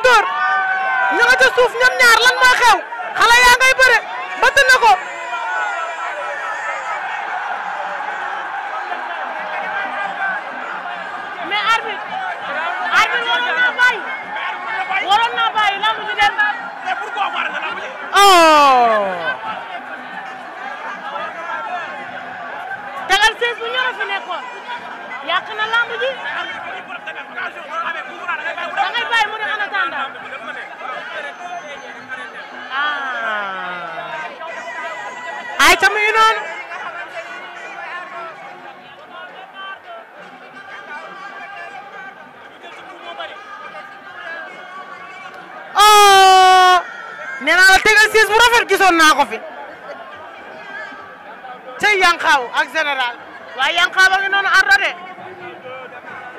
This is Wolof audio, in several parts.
koy dóor ña nga ca suuf ñoom ñaar lan moo xew xale yaa ngay bëre bëtt na ko mais arbitre arbitre waroon naa bàyyi waroon naa bàyyi lamb ji dem mais pourquoi mu arrêté lamb ji oh tegal sees bu ñoro fi nekkoon yàq na lamb ji Ah. ay tam yu noonu oh nee naa la tegal siis bu rafet gisoon naa ko fi ca yanqaaw ak général waaye yanqaaw a ngi noonu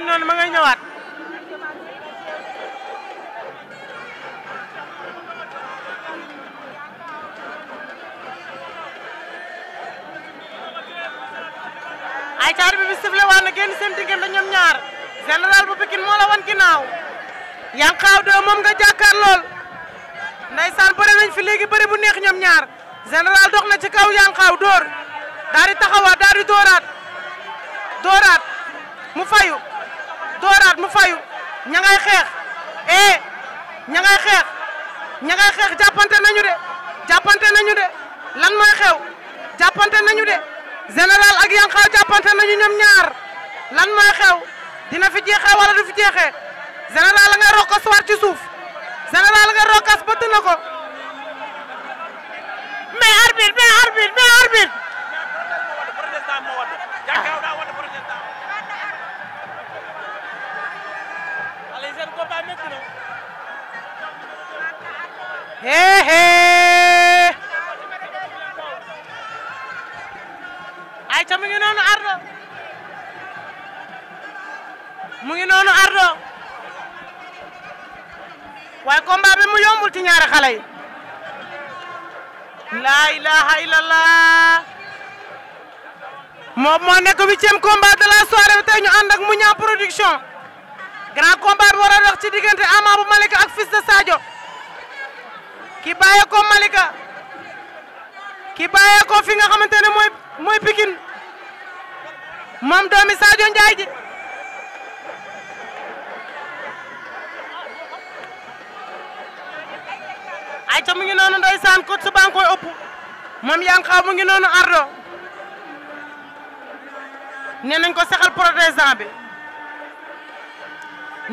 ngi noonu ma ay caar bi bi sifle waan na génn seen diggante ñoom ñaar général bu Pikine moo la wan ginnaaw Yankaw 2 moom nga jàkkaar lool ndeysaan bëri nañ fi legi bëri bu neex ñom ñaar General dox na ci kaw yang dor. Dari taxawa dari dorat. Dorat. fayu dooraat mu fayu ña ngay xeex eh ña ngay xeex ña ngay xeex jàppante nañu de jàppante nañu de lan mooy xew jàppante nañu de général ak Yankaw jàppante nañu ñoom ñaar lan xew dina fi jeexee wala du fi jeexee général nga rokkas war ci suuf a nga rokkas bëtt ko mais arbitre mais arbitre mais arbitre ah. Hey, hey. ay ta mu ngi noonu Ardo mu ngi noonu Ardo waaye combat bi mu yombul ci ñaari xale yi laa ilaha illallah moom moo nekk huitième combat de la soirée bi tey ñu ànd production grand combat bi war a dox ci diggante Ama bu Malika ak fils de ki bàyyee ko Malika ki bàyyee ko fi nga xamante ne mooy mooy Pikine moom doomi Sadio Ndiaye ji ay ca mu ngi noonu ndeysaan kot su baa ngi koy ëpp moom yaa ngi xaw mu ngi noonu ardo nee nañ ko saxal protestant bi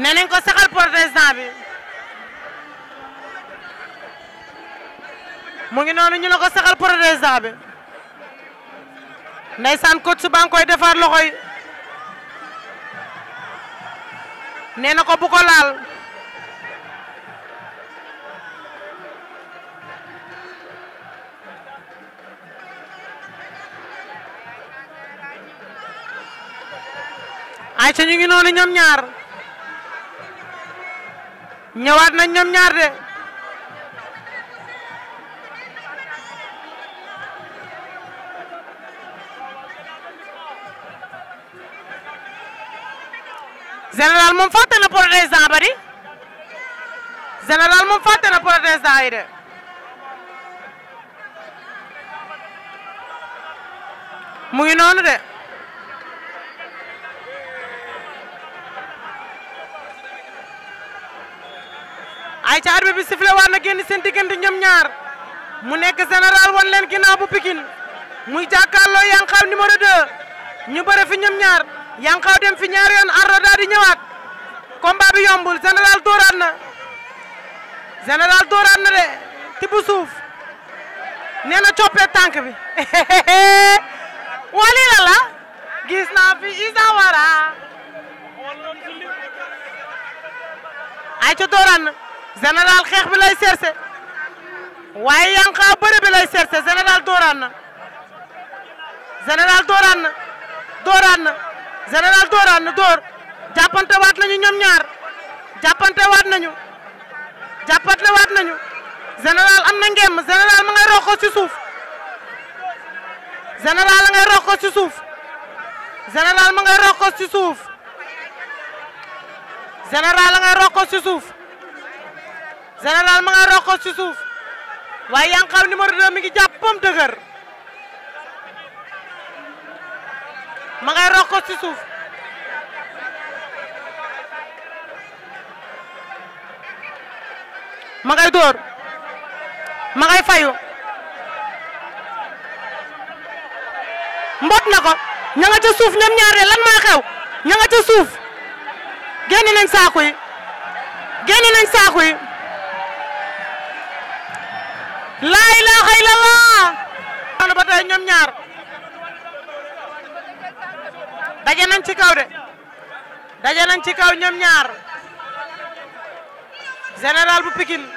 nee nañ ko saxal protestant bi mu ngi noonu ñu la ko saxal Forza bi ndeysaan coach su baa ngi koy defar loxo nee na ko bu ay ca ñu ngi noonu ñoom ñaar ñëwaat nañ ñoom ñaar de général moom fàtte na protestant ba di général moom fàtte na protestant yi de mu ngi noonu de ay ca arbitre bi sifflé waat na génn seen diggante ñoom ñaar mu nekk général wan leen ginnaaw bu Pikine muy jàkkaarloo Yankaw numéro 2 ñu bëre fi ñoom ñaar kau dem fi ñaar yoon arro daal di ñëwaat combat bi yombul général dóoraat na général dóoraat na de tibb suuf nee na coppee tànk bi wali la la gis naa fi Isa Wara ay ca dóoraat na général xeex bi lay cherché waaye kau bëre bi lay cherché général na général dóoraat na Doran na général dóoraan na dóor jàppante waat nañu ñoom ñaar jàppante wat nañu jàppante wat nañu général am na ngeem général ma ngay roxo ci suuf général ngay roxo ci suuf général ma ngay roxo ci suuf général ngay roxo ci suuf général ma ngay roxo ci suuf way yaa numéro 2 mi ngi jappam deugar ma ngay rox ci suuf ma ngay dóor ma ngay fayu ko ña nga suuf ñoom ñaar lan mooy xew ña nga suuf génn nañ saaku yi génn nañ saaku yi laa ilaaha ba tey ñoom ñaar daje nañ ci kaw de daje nañ ci kaw ñoom ñaar général bu Pikine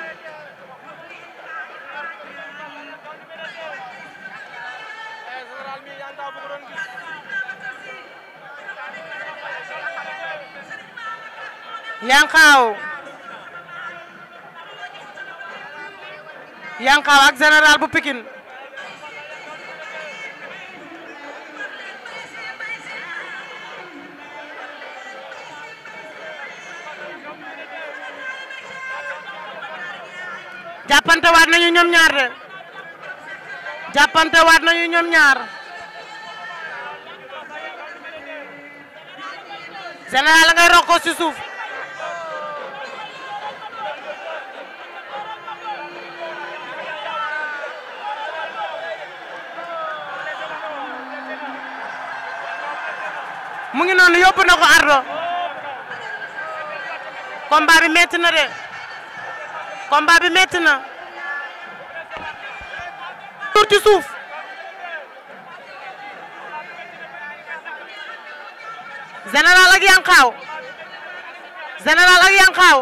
Yankaw Yankaw ak général bu Pikine jàppante waat nañu ñoom ñaar de jàppante waat nañu ñaar général ngay rokko ci suuf mu ngi noonu yóbbu na ko ardo combat bi metti na de combat bi metti na. tur ci suuf. général ak Yankaw général ak Yankaw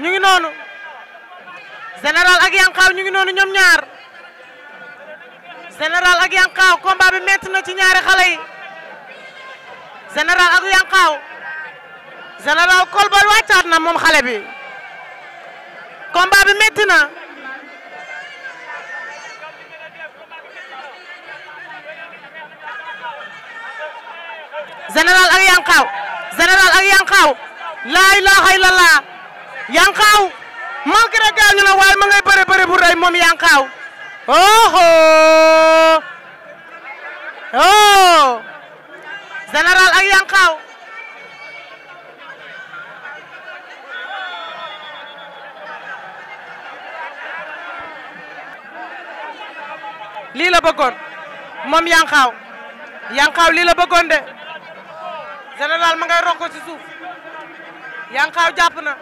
ñu ngi noonu. général ak Yankaw ñu ngi noonu ñoom ñaar. général ak Yankaw combat bi metti na ci ñaari xale yi. général ak Yankaw général Kolbal wàccaat na moom xale bi. combat bi métti na général ak Yankaw général ak Yankaw laa ilaaha illallah Yankaw malgré gaañu na waaye ma ngay bëre bëre bu rëy moom Yankaw la bëggoon moom yanxaaw yanxaaw lii la bëggoon de général ma ngay ronko ci suuf yanxaaw jàpp na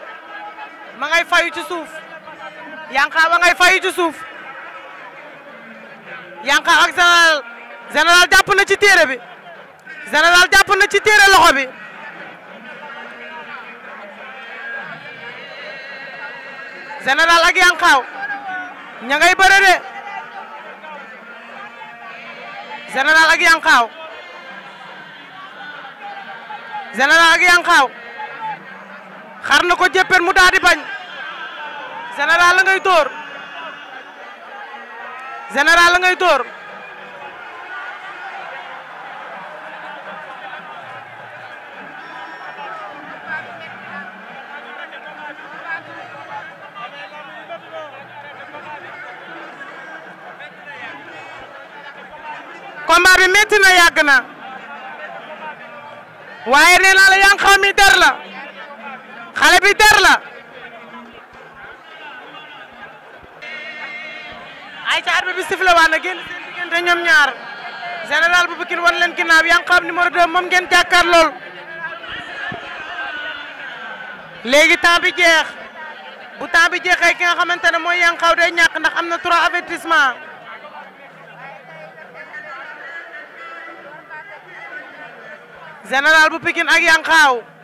ma ngay fayu ci suuf yanxaaw ma ngay fayu ci suuf yanxaaw ak général général jàpp na ci téere bi général jàpp na ci téere loxo bi général ak yanxaaw ña ngay de général ak yanqaaw général ak yanqaaw xar na ko jëppeen mu daal di bañ général la ngay tóor général la ngay tóor na yàgg na waaye nee naa la Yankaw mi der la xale bi der la ay ca arbitre bi sifflé waa na génn seen diggante ñaar général bu Pikine wan leen ginnaaw Yankaw numéro 2 moom ngeen jàkkaar lool léegi temps bi jeex bu temps bi jeexee ki nga xamante ne mooy Yankaw day ñàkk ndax am na trois avertissement général bu Pikine ak Yankaw